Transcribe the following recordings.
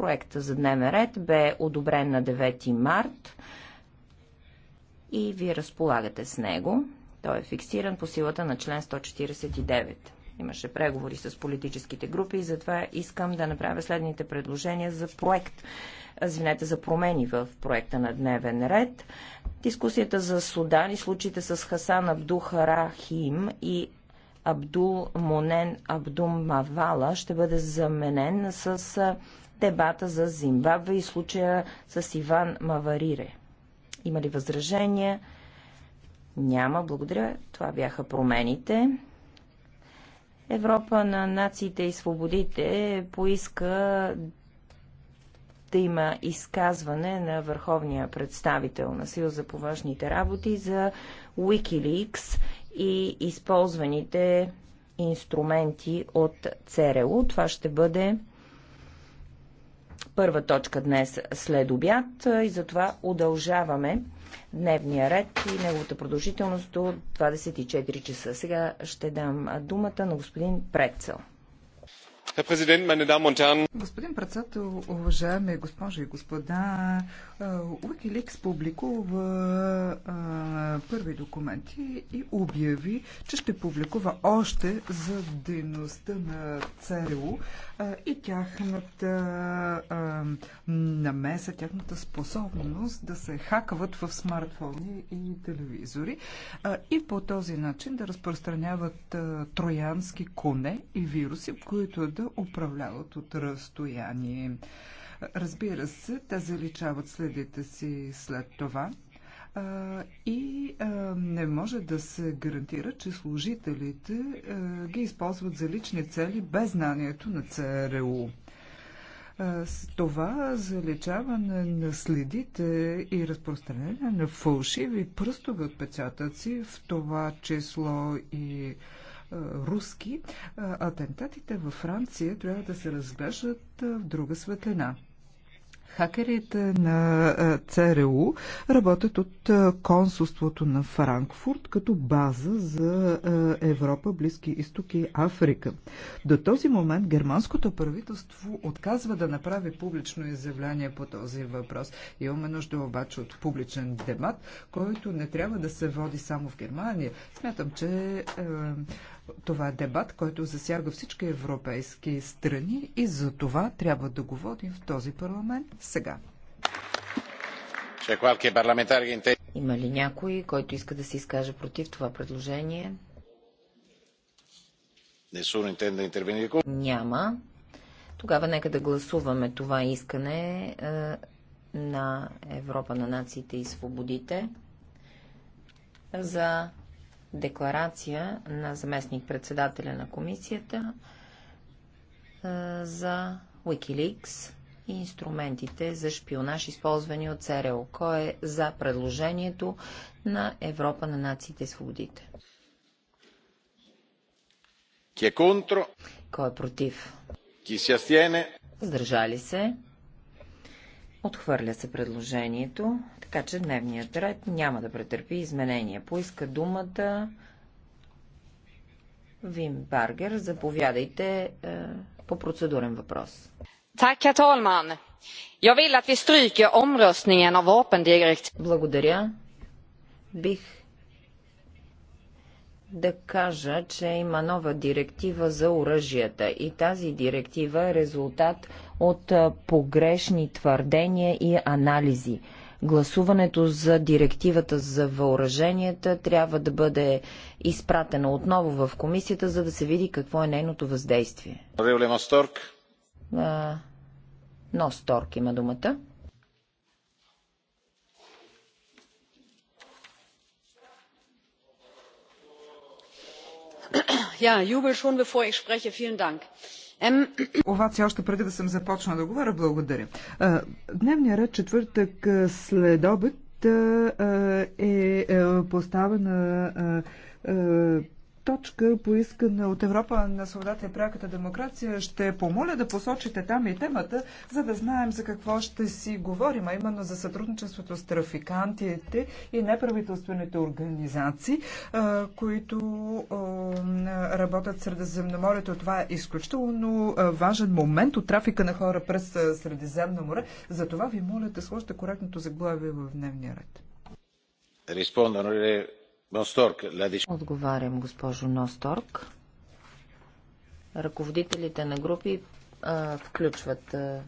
Проекта за дневен ред бе одобрен на 9 март и вие разполагате с него. Той е фиксиран по силата на член 149. Имаше преговори с политическите групи и затова искам да направя следните предложения за проект. Извинете, за промени в проекта на дневен ред. Дискусията за Судан и случаите с Хасан Абдухарахим и Абдул Монен Абдум Мавала ще бъде заменен с дебата за Зимбабве и случая с Иван Маварире. Има ли възражения? Няма. Благодаря. Това бяха промените. Европа на нациите и свободите поиска да има изказване на върховния представител на Съюза по външните работи за Wikileaks и използваните инструменти от ЦРУ. Това ще бъде първа точка днес след обяд и затова удължаваме дневния ред и неговата продължителност до 24 часа. Сега ще дам думата на господин Прецел. Господин председател, уважаеми госпожи и господа, Wikileaks публикува първи документи и обяви, че ще публикува още за дейността на ЦРУ и тяхната намеса, тяхната способност да се хакват в смартфони и телевизори и по този начин да разпространяват троянски коне и вируси, които да да управляват от разстояние. Разбира се, те заличават следите си след това а, и а, не може да се гарантира, че служителите а, ги използват за лични цели без знанието на ЦРУ. С това заличаване на следите и разпространение на фалшиви пръстови отпечатъци, в това число и а, руски, атентатите във Франция трябва да се разглеждат в друга светлина. Хакерите на ЦРУ работят от консулството на Франкфурт като база за Европа, Близки изток и Африка. До този момент германското правителство отказва да направи публично изявление по този въпрос. Имаме нужда обаче от публичен дебат, който не трябва да се води само в Германия. Смятам, че е, това е дебат, който засяга всички европейски страни и за това трябва да го водим в този парламент сега. Има ли някой, който иска да се изкаже против това предложение? Няма. Тогава нека да гласуваме това искане е, на Европа на нациите и свободите за декларация на заместник-председателя на комисията за Wikileaks и инструментите за шпионаж, използвани от ЦРУ. Кой е за предложението на Европа на нациите и свободите? Е Кой е против? се Сдържали се? Отхвърля се предложението, така че дневният ред няма да претърпи изменения. Поиска думата Вим Баргер. Заповядайте е, по процедурен въпрос. Благодаря. Бих да кажа, че има нова директива за оръжията и тази директива е резултат от погрешни твърдения и анализи. Гласуването за директивата за въоръженията трябва да бъде изпратено отново в комисията, за да се види какво е нейното въздействие. Носторк има думата. Овация още преди да съм започнала да говоря. Благодаря. Дневният ред четвъртък след обед е, е поставена точка, поискана от Европа на свободата и пряката демокрация, ще помоля да посочите там и темата, за да знаем за какво ще си говорим, а именно за сътрудничеството с трафикантите и неправителствените организации, които работят Средиземноморието. Това е изключително важен момент от трафика на хора през Средиземно море. За това ви моля да сложите коректното заглавие в дневния ред. Респондано Отговарям, госпожо Носторг. Ръководителите на групи а, включват а,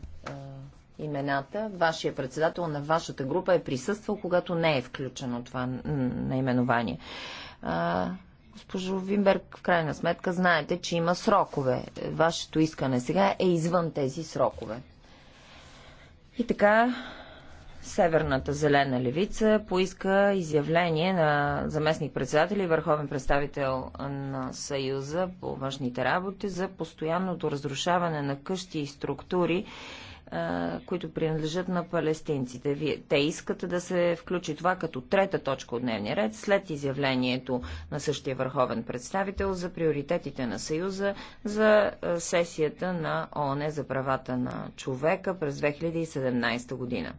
имената. Вашия председател на вашата група е присъствал, когато не е включено това наименование. А, госпожо Вимберг, в крайна сметка знаете, че има срокове. Вашето искане сега е извън тези срокове. И така, Северната зелена левица поиска изявление на заместник-председател и върховен представител на Съюза по външните работи за постоянното разрушаване на къщи и структури, които принадлежат на палестинците. Те искат да се включи това като трета точка от дневния ред след изявлението на същия върховен представител за приоритетите на Съюза за сесията на ООН за правата на човека през 2017 година.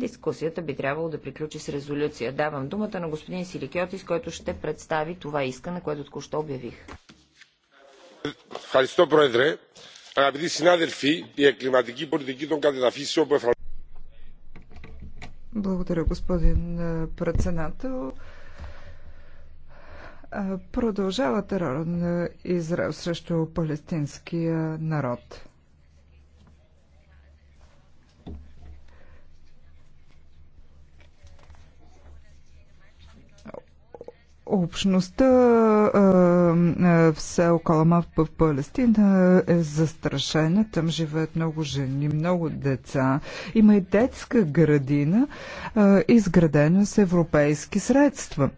Дискусията би трябвало да приключи с резолюция. Давам думата на господин Силикиотис, който ще представи това искане, което току-що обявих. Ευχαριστώ, Πρόεδρε. Αγαπητοί συνάδελφοι, η εκκληματική πολιτική των κατεδαφίσεων по εφαρμόζεται. Благодаря, господин председател. Продължава терора на Израел срещу палестинския народ. Общността в село Калама в Палестина е застрашена. Там живеят много жени, много деца. Има и детска градина, изградена с европейски средства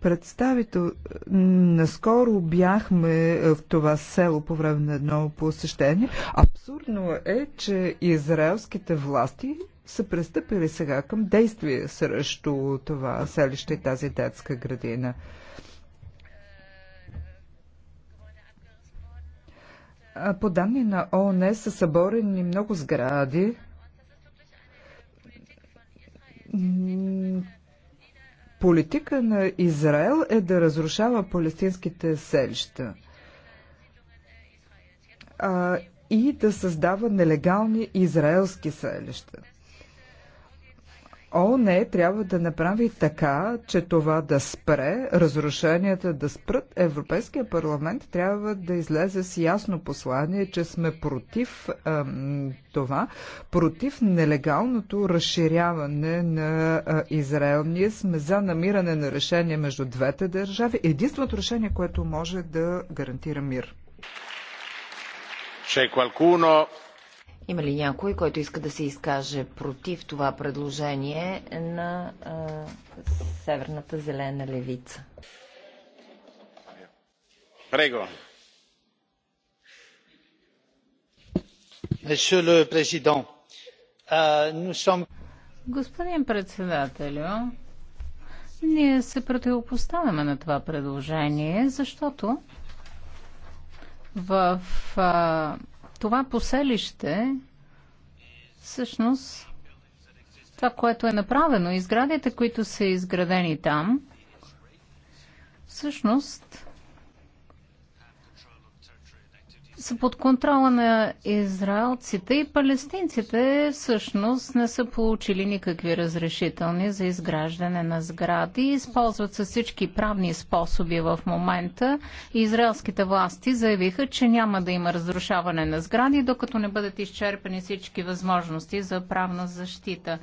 представител. Наскоро бяхме в това село по време на едно посещение. Абсурдно е, че израелските власти са престъпили сега към действие срещу това селище и тази детска градина. По данни на ООН са съборени много сгради. Политика на Израел е да разрушава палестинските селища а, и да създава нелегални израелски селища. О, не, трябва да направи така, че това да спре, разрушенията да спрат. Европейския парламент трябва да излезе с ясно послание, че сме против ем, това, против нелегалното разширяване на е, Израел. Ние сме за намиране на решение между двете държави. Единственото решение, което може да гарантира мир. C'è qualcuno има ли някой, който иска да се изкаже против това предложение на а, Северната зелена левица? Прего. Euh, Господин председателю, ние се противопоставяме на това предложение, защото в а, това поселище, всъщност, това, което е направено, изградите, които са изградени там, всъщност са под контрола на израелците и палестинците всъщност не са получили никакви разрешителни за изграждане на сгради. Използват се всички правни способи в момента. Израелските власти заявиха, че няма да има разрушаване на сгради, докато не бъдат изчерпани всички възможности за правна защита.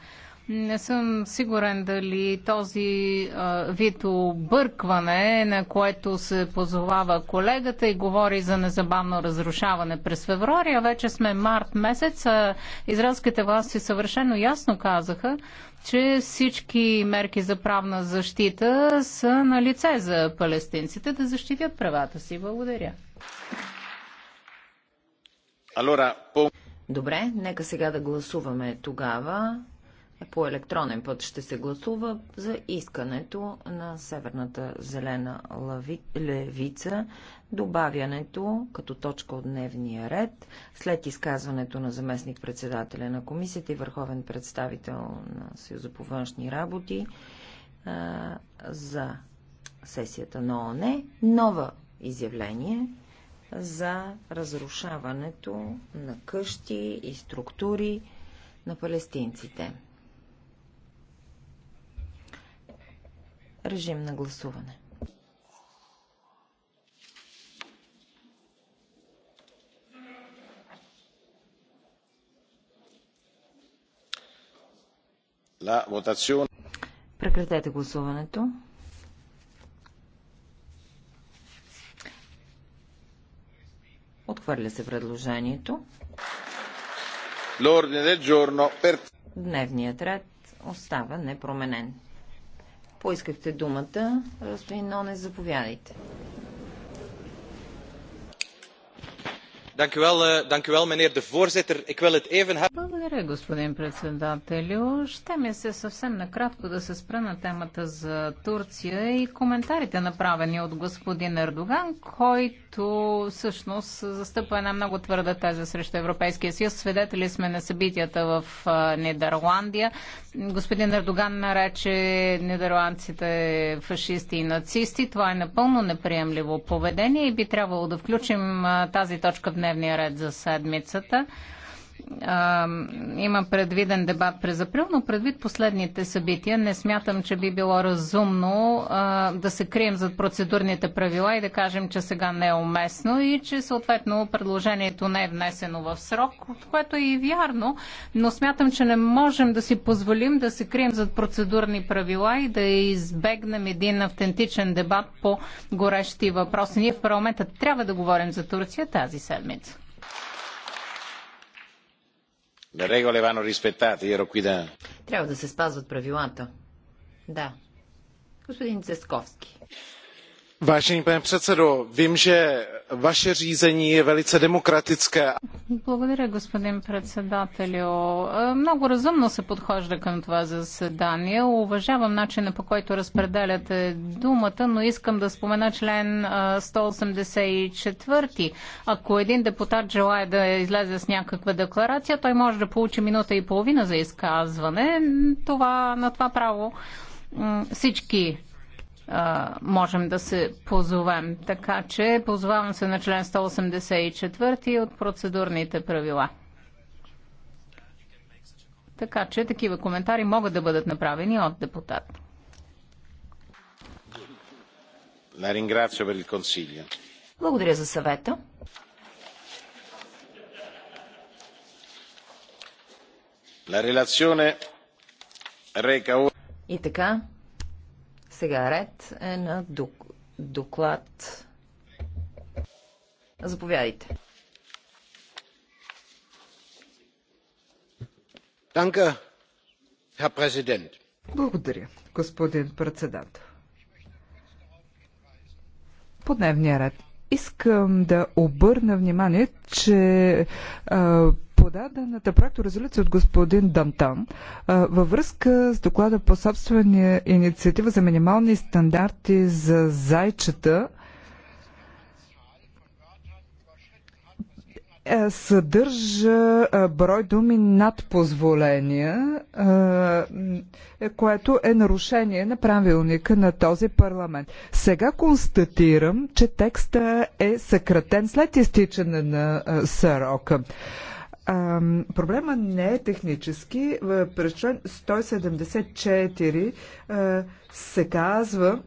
Не съм сигурен дали този а, вид объркване, на което се позовава колегата и говори за незабавно разрушаване през февруари, а вече сме март месец, а израелските власти съвършено ясно казаха, че всички мерки за правна защита са на лице за палестинците да защитят правата си. Благодаря. Добре, нека сега да гласуваме тогава по електронен път ще се гласува за искането на Северната зелена левица, добавянето като точка от дневния ред, след изказването на заместник-председателя на комисията и върховен представител на Съюза по външни работи а, за сесията на ОНЕ, нова изявление за разрушаването на къщи и структури на палестинците. Режим на гласуване. Прекратете гласуването. Отхвърля се предложението. Дневният ред остава непроменен. Поискахте думата. Господин Нонес, заповядайте. Благодаря, господин председателю. Ще ми се съвсем накратко да се спра на темата за Турция и коментарите направени от господин Ердоган, който всъщност застъпва една много твърда теза срещу Европейския съюз. Свидетели сме на събитията в Нидерландия. Господин Ердоган нарече нидерландците фашисти и нацисти. Това е напълно неприемливо поведение и би трябвало да включим тази точка в дневния ред за седмицата а, има предвиден дебат през април, но предвид последните събития не смятам, че би било разумно а, да се крием зад процедурните правила и да кажем, че сега не е уместно и че съответно предложението не е внесено в срок, което е и вярно, но смятам, че не можем да си позволим да се крием зад процедурни правила и да избегнем един автентичен дебат по горещи въпроси. Ние в парламента трябва да говорим за Турция тази седмица. Le regole vanno rispettate, ero qui da... Трябва да се спазват правилата. Да. Господин Цесковски pane předsedo, vím, že ваше řízení е велице демократичке. Благодаря, господин председателю. Е, много разумно се подхожда към това заседание. Уважавам начина по който разпределяте думата, но искам да спомена член 184. Е, Ако един депутат желая да излезе с някаква декларация, той може да получи минута и половина за изказване. Това, на това право всички можем да се позовем. Така че позовавам се на член 184 от процедурните правила. Така че такива коментари могат да бъдат направени от депутат. Благодаря за съвета. И така, сега ред е на доклад. Заповядайте. Данка, президент. Благодаря, господин председател. По дневния ред искам да обърна внимание, че а, подадената проекторезолюция от господин Дантан във връзка с доклада по собствена инициатива за минимални стандарти за зайчета е, съдържа брой думи над позволения, което е нарушение на правилника на този парламент. Сега констатирам, че текста е съкратен след изтичане на срока проблема не е технически. Е, през член 174 а, е, се казва,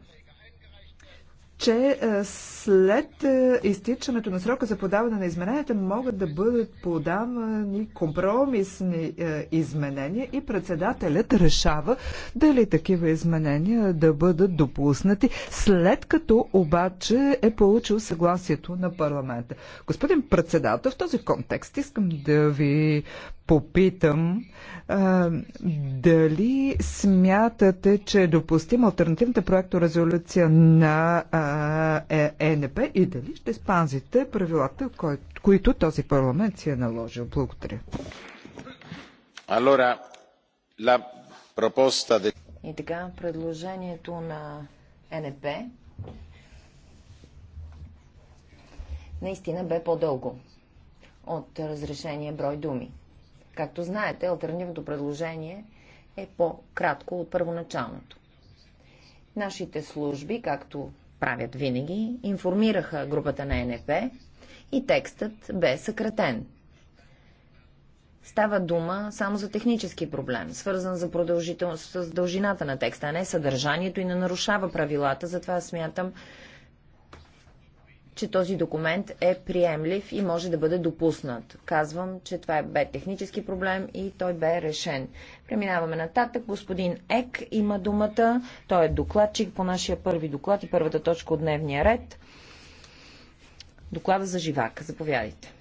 че е, след е, изтичането на срока за подаване на измененията могат да бъдат подавани компромисни е, изменения и председателят решава дали такива изменения да бъдат допуснати, след като обаче е получил съгласието на парламента. Господин председател, в този контекст искам да ви попитам а, дали смятате, че е допустима альтернативната резолюция на а, ЕНП е и дали ще спазите правилата, които този парламент си е наложил. Благодаря. Allora, la proposta de... И така, предложението на ЕНП наистина бе по-дълго от разрешение брой думи. Както знаете, альтернативното предложение е по-кратко от първоначалното. Нашите служби, както правят винаги, информираха групата на НП и текстът бе съкратен. Става дума само за технически проблем, свързан за продължител... с дължината на текста, а не съдържанието и не нарушава правилата. Затова смятам, че този документ е приемлив и може да бъде допуснат. Казвам, че това е, бе технически проблем и той бе решен. Преминаваме нататък. Господин Ек има думата. Той е докладчик по нашия първи доклад и първата точка от дневния ред. Доклада за живак. Заповядайте.